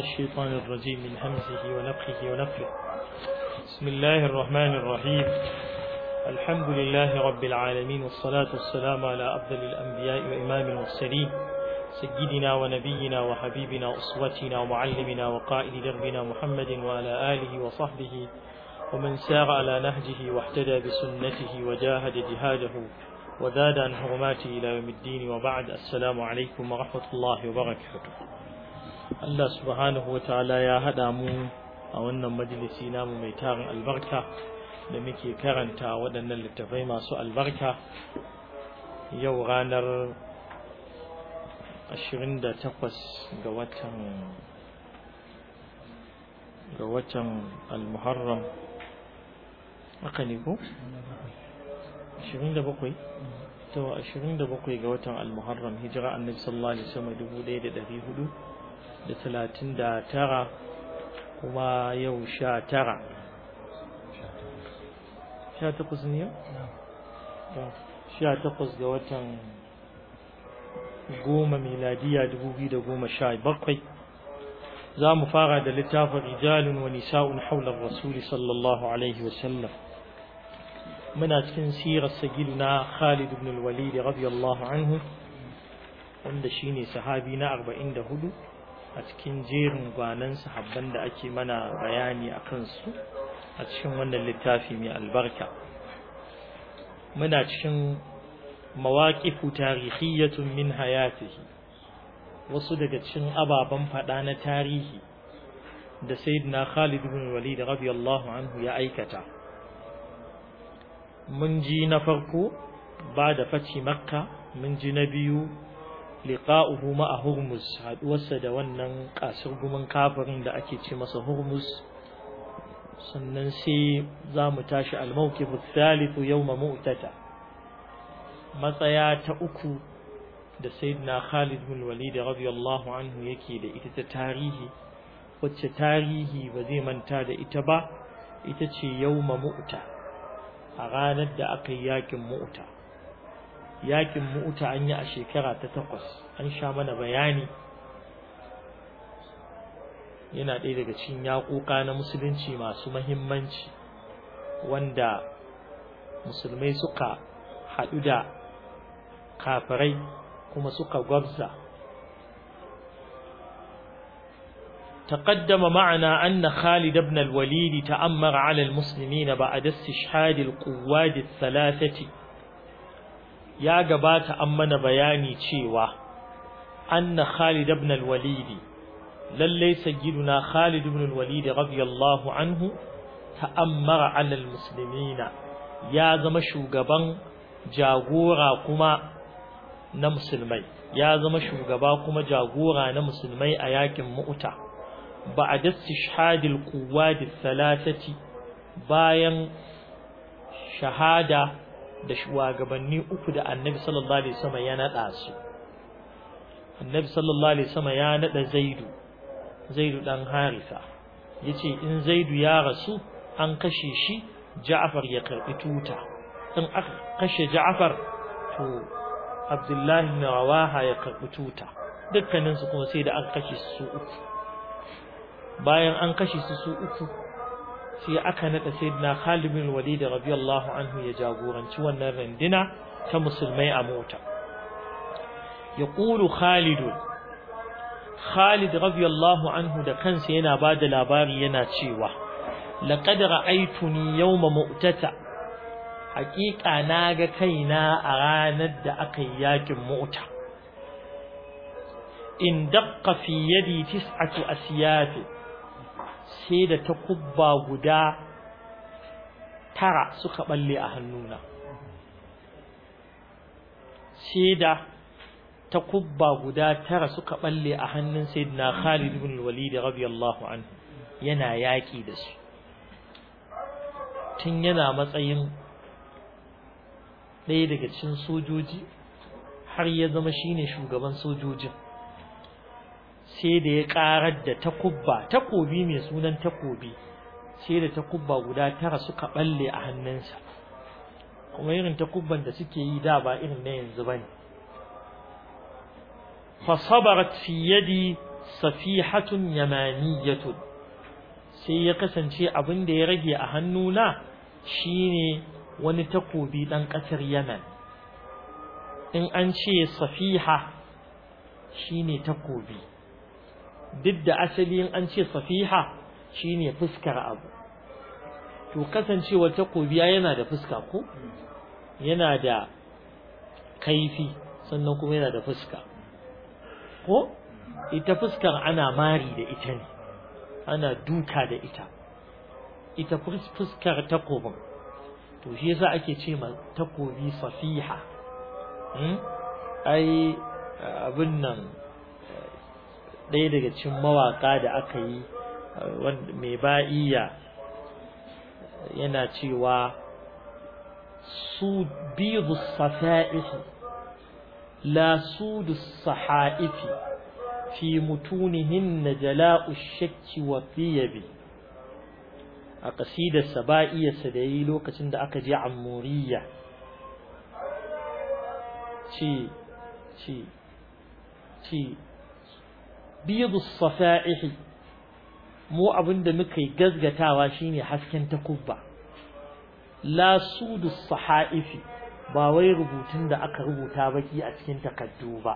الشيطان الرجيم من همزه ونفخه ونفخه بسم الله الرحمن الرحيم الحمد لله رب العالمين والصلاة والسلام على أفضل الأنبياء وإمام المرسلين سيدنا ونبينا وحبيبنا أسوتنا ومعلمنا وقائد دربنا محمد وعلى آله وصحبه ومن سار على نهجه واحتدى بسنته وجاهد جهاده وزاد عن حرماته إلى يوم الدين وبعد السلام عليكم ورحمة الله وبركاته Allah subhanahu wataala ya haɗa mu a wannan majalisi namu mai tarin albarka da muke karanta waɗannan littafai masu albarka yau ranar 28 ga watan ga watan al-muharram haka ne ko? 27 to 27 ga watan al-muharram hijira annabi sallallahu alaihi wasallam da talatin da tara kuma yau sha tara sha takwas ne sha takwas ga watan goma miladiya dubu biyu da goma sha bakwai za mu fara da littafin rijalun wa nisa'un haular rasuli sallallahu alaihi wasallam muna cikin sirar na khalid ibn al-walid radiyallahu anhu wanda shine sahabi na 44 a cikin jerin gwanan sahabban da ake mana bayani a kansu a cikin wannan littafi mai albarka muna cikin mawaƙifu tarihiyyatun min hayatihi wasu daga cikin ababen faɗa na tarihi da sayyidina Khalid bin Walid radiyallahu anhu ya aikata mun ji na farko ba da faci makka mun ji na biyu liqa'uhu ma'a hurmus haduwarsa da wannan kasar guman kafirin da ake ce masa hurmus sannan sai za mu tashi al-mawqif yau thalith yawm mu'tata matsaya ta uku da sayyidina Khalid bin Walid radiyallahu anhu yake da ita ta tarihi wacce tarihi ba zai manta da ita ba ita ce yawm mu'ta a ranar da aka yi yakin mu'ta yakin mu'uta an yi a shekara ta takwas an sha mana bayani yana ɗaya daga cikin yaƙuƙa na musulunci masu mahimmanci wanda musulmai suka haɗu da kafirai kuma suka gwabza تقدم معنا أن خالد بن الوليد تأمر على المسلمين بعد استشهاد القواد الثلاثة ya gabata an mana bayani cewa anna Khalid ibn al-Walid lalle sayyiduna Khalid ibn al-Walid radiyallahu anhu ta'ammara 'ala al-muslimina ya zama shugaban jagora kuma na musulmai ya zama shugaba kuma jagora na musulmai a yakin mu'uta ba'da istishhadil quwwati thalathati bayan shahada da shugabanni uku da annabi sallallahu alaihi wasallam ya nada su annabi sallallahu alaihi wasallam ya nada zaidu zaidu dan harisa yace in zaidu ya rasu an kashe shi ja'far ya karbi tuta in aka kashe ja'far to abdullahi ibn rawaha ya karbi tuta dukkanin su kuma sai da an kashe su uku bayan an kashe su su uku sai aka nada sayyidina Khalid bin Walid radiyallahu anhu ya jagoranci wannan rindina ta musulmai a mota yaqulu Khalid Khalid radiyallahu anhu da kansa yana bada labari yana cewa laqad ra'aytuni yawma mu'tata haqiqa naga kaina a ranar da aka yi yakin mu'ta in daqqa fi yadi tis'atu asiyat sai da kubba guda tara suka balle a hannuna sai da ta kubba guda tara suka balle a hannun sayyidina Khalid ibn Walid radiyallahu anhu yana yaki da su tun yana matsayin ɗaya daga cikin sojoji har ya zama shine shugaban sojojin sai da ya karar da takubba takobi mai sunan takobi sai da takubba guda tara suka balle a hannunsa kuma irin takubban da suke yi da ba irin na yanzu bane fa sabarat fi yadi safihatun yamaniyatun sai ya kasance abin da ya rage a hannuna shine wani takobi ɗan ƙasar Yaman in an ce safiha shine takobi duk da asali in an ce safiha shine fuskar abu to kasancewa takobiya yana da fuska ko yana da kaifi sannan kuma yana da fuska ko ita fuskar ana mari da ita ne ana duka da ita ita fuskar takobin to shi yasa ake ce ma takobi safiha hmm? ai abin nan ɗaya daga cikin mawaka da aka yi uh, mai ba'iya yana cewa su biyu safa'ifi la su da saha'ifi fi mutunihin na jala'u shakki wa bi a ƙasidarsa ba'iyarsa da ya yi lokacin da aka je amuriya ci ci ci. bidu safa'ihi mu abinda muka yi gazgatawa shine hasken takubba la sudu sahaifi ba wai rubutun da aka rubuta baki a cikin takaddu ba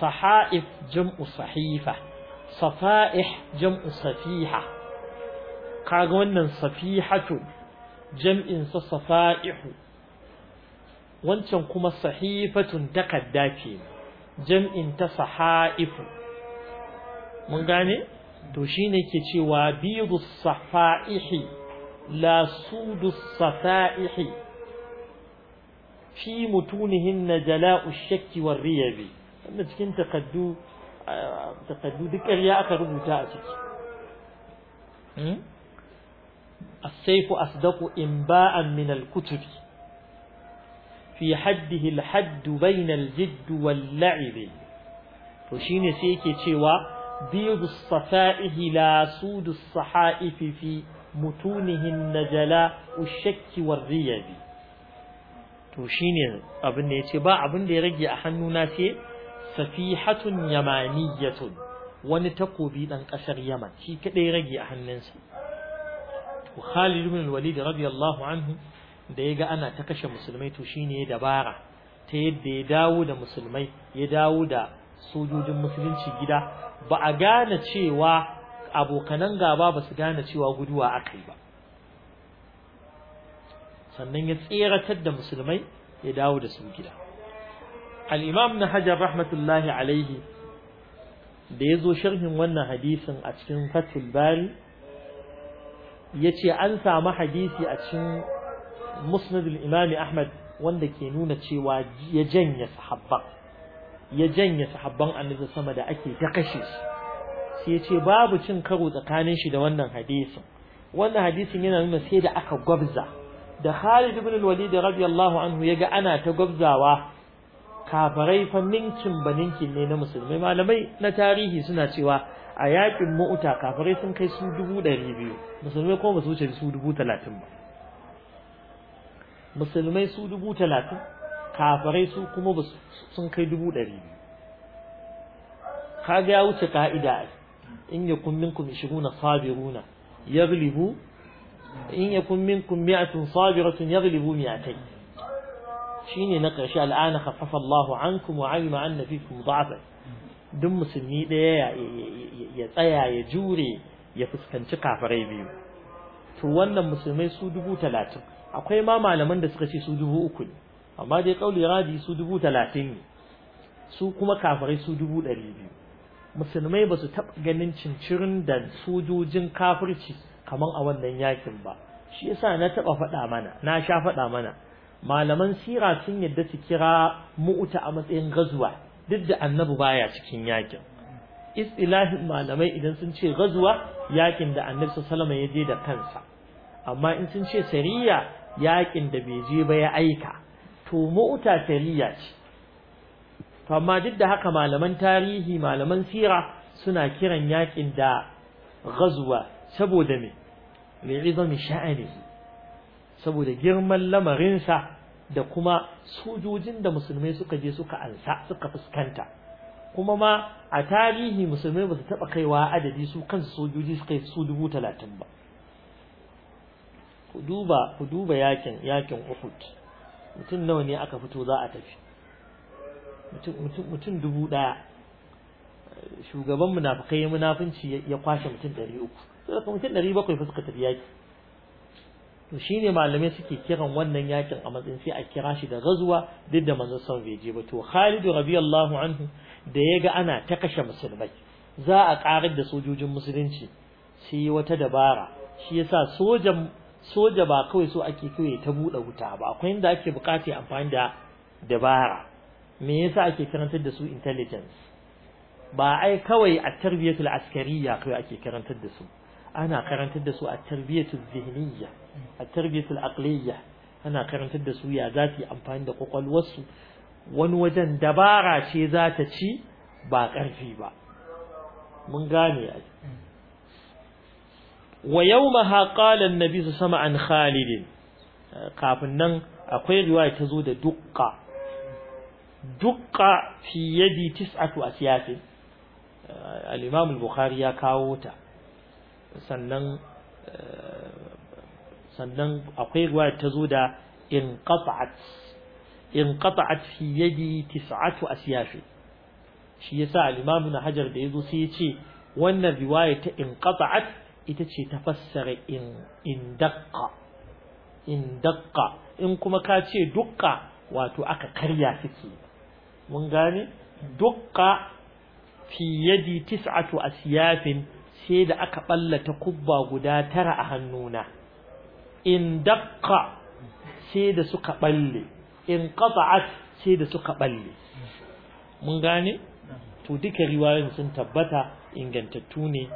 sahaif jam'u sahifa safa'ih jam'u safiha kaga wannan safihatu jam'in sa safa'ihu wancan kuma sahifatun takadda ce jam'in ta sahaifu mun gane to shine ke cewa bidu safaihi la sudu safaihi fi mutunihin jala'u shakki war riyabi wannan cikin takaddu takaddu duk ƙarya aka rubuta a ciki السيف أصدق إنباء من الكتب في حده الحد بين الجد واللعب to shine sai yake cewa بيض الصفائه لا سود الصحائف في متونهن جلاء الشك والريب to shine abin da ce ba abin da ya rage a hannuna sai safihatun yamaniyatun wani takobi ɗan ƙasar Yaman shi kadai rage a hannunsa to Khalid ibn walid radiyallahu anhu da yaga ana ta kashe musulmai to shine ya dabara ta yadda ya dawo da musulmai ya dawo da sojojin musulunci gida ba a gane cewa abokanan gaba ba su gane cewa guduwa aka yi ba sannan ya tseratar da musulmai ya dawo da su gida al-imam na hajar rahmatullahi alaihi da ya zo sharhin wannan hadisin a cikin fatul bari ya ce an samu hadisi a cikin musnadul imami ahmad wanda ke nuna cewa ya janye sahabban ya janye sahabban annabi sama da ake ta kashe su sai ce babu cin karo tsakanin shi da wannan hadisin wannan hadisin yana nuna sai da aka gwabza da Khalid ibn al-Walid radiyallahu anhu yaga ana ta gwabzawa kafarai fa ninkin ninkin ne na musulmai malamai na tarihi suna cewa a yakin mu'uta kafarai sun kai su dubu ɗari biyu musulmai kuma ba su wuce su dubu talatin ba musulmai su dubu talatin Kafarai su kuma sun kai dubu ɗari biyu kaga ya wuce ka'ida in yakun minkum ishiruna sabiruna yaglibu in yakun minkum mi'atun sabiratun yaglibu Shi ne na ƙarshe al'ana khaffafa Allahu ankum wa alima anna fikum da'afa duk musulmi ɗaya ya tsaya ya jure ya fuskanci kafarai biyu to wannan musulmai su dubu talatin akwai ma malaman da suka ce su dubu uku ne amma dai kauli radi su dubu talatin ne su kuma kafirai su dubu ɗari biyu musulmai ba su taɓa ganin cincirin da sojojin kafirci kamar a wannan yakin ba shi yasa na taɓa faɗa mana na sha faɗa mana malaman sira sun yadda su kira mu'uta a matsayin gazuwa duk da annabi baya cikin yakin istilahi malamai idan sun ce gazuwa yakin da annabi sallallahu alaihi ya je da kansa amma in sun ce sariya yakin da bai je ba ya aika to mu'taziliya ce to amma duk da haka malaman tarihi malaman sira suna kiran yakin da ghazwa saboda me izami sha'ani. saboda girman lamarinsa da kuma sojojin da musulmai suka je suka ansa suka fuskanta kuma ma a tarihi musulmai ba su taɓa kaiwa adadi su kansu sojoji suka yi su dubu talatin ba ku duba ku duba yakin yakin Uhud mutum nawa ne aka fito za a tafi mutum dubu daya shugaban munafukai munafunci ya kwashe mutum ɗari uku da mutum ɗari bakwai fa suka tafi yaki to shine malamai suke kiran wannan yakin a matsayin sai a kira shi da gazuwa duk da manzon son bai je ba to Khalid radiyallahu anhu da yaga ana ta kashe musulmai za a karar da sojojin musulunci sai wata dabara shi yasa sojan soja ba kawai so ake kawai ta buɗe wuta ba akwai inda ake bukata amfani da dabara me yasa ake karantar da su intelligence ba ai kawai a tarbiyatul askariya kawai ake karantar da su ana karantar da su a tarbiyatul zihniyya a tarbiyatul aqliyya ana karantar da su ya za su amfani da kwakwalwarsu wani wajen dabara ce za ta ci ba ƙarfi ba mun gane wa yawmaha qala na nabi sama an Khalidin? kafin nan akwai riwaya ta zo da dukka dukka fi yadi tis'atu a al-imam al-bukhari ya kawo ta sannan eh, sannan akwai riwaya ta zo da in inqata'at fi yadi tis'atu asyasin shi yasa al-imam hajar da yazo sai ya ce wannan riwaya ta in inqata'at ita ce ta fassara in dakka in in kuma ka ce dukka wato aka karya suke mun gane dukka fi yadi tis'atu asyafin sai da aka ballata kubba guda tara a hannuna in dakka sai da suka balle in qata'at sai da suka balle mun gane to duka riwayoyin sun tabbata ingantattu ne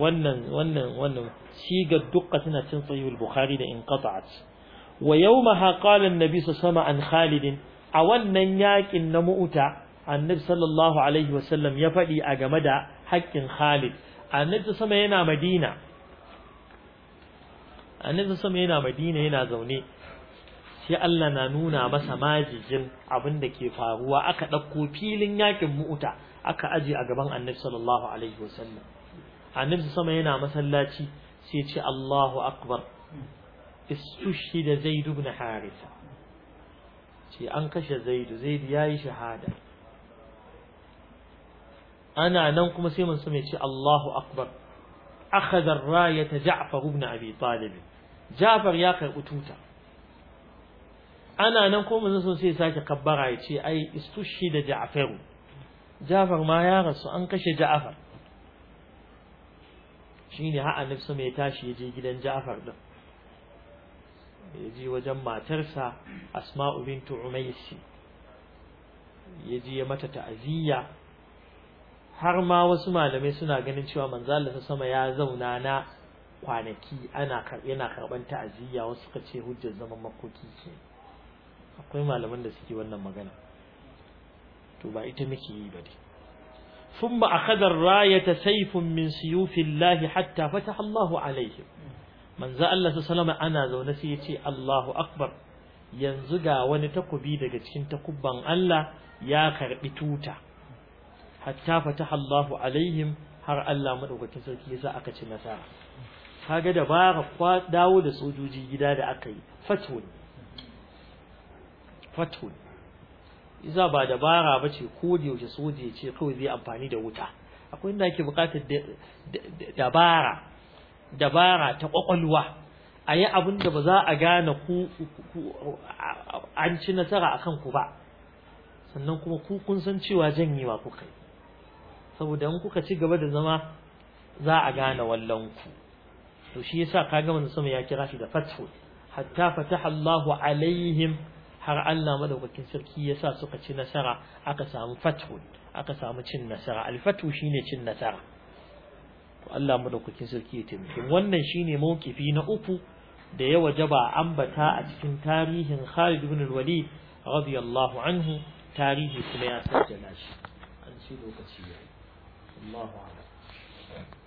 wannan wannan wannan sigar dukka suna cin sahihul bukhari da qata'at wa ha qala an-nabi sallallahu an khalid a wannan yakin na mu'uta annabi sallallahu alaihi wa sallam ya faɗi a game da haƙƙin khalid annabi sama yana madina annabi sama yana madina yana zaune sai Allah na nuna masa majijin abin da ke faruwa aka ɗauko filin yakin mu'uta aka aje a gaban annabi sallallahu alaihi wa sallam. su sama yana masallaci sai ce Allahu akbar da zaid ibn harisa ce an kashe zaid ya yi shahada ana nan kuma sai mun so mai ce Allahu akbar akhadha ar ta Ja'far ibn Abi Talib Ja'far ya karɓi tuta ana nan kuma mun so sai sake kabbara ya ce ai da Ja'far Ja'far ma ya rasu an kashe Ja'far shine har annabi su mai tashi ya je gidan Ja'far din ya je wajen matarsa Asma'u bintu Umaisi ya je ya mata ta'aziyya har ma wasu malamai suna ganin cewa manzo Allah sama ya zauna na kwanaki ana yana karban ta'aziyya wasu ka ce hujjar zaman makoki ce akwai malaman da suke wannan magana to ba ita muke yi ba dai ثم أخذ الراية سيف من سيوف الله حتى فتح الله عليهم من ذا الله صلى أنا ذو نسيتي الله أكبر ينزغا وني تقبي دغا cikin takubban Allah ya karɓi tuta hatta fataha Allah alaihim har Allah madaukakin sarki ya za aka ci nasara kaga da bara kwa dawo da sojoji gida da aka yi fatwa fatwa iza ba dabara ba ce ko da yaushe soja ya ce kawai zai amfani da wuta akwai inda ake buƙatar dabara dabara ta kwakwalwa a yi abin da ba za a gane ku an ci nasara a kanku ba sannan kuma ku kun san cewa janyewa kuka yi saboda in kuka ci gaba da zama za a gane wallon ku to shi yasa kaga manzo sama ya kira shi da fatfu hatta fataha Allahu alaihim har Allah madaukakin sarki ya sa suka ci nasara aka samu fathu aka samu cin nasara alfatu shine cin nasara to Allah madaukakin sarki ya taimake wannan shine mawkifi na uku da ya wajaba ambata a cikin tarihin Khalid ibn al-Walid radiyallahu anhu tarihi kuma ya sajjala shi an ci lokaci yayi Allahu a'lam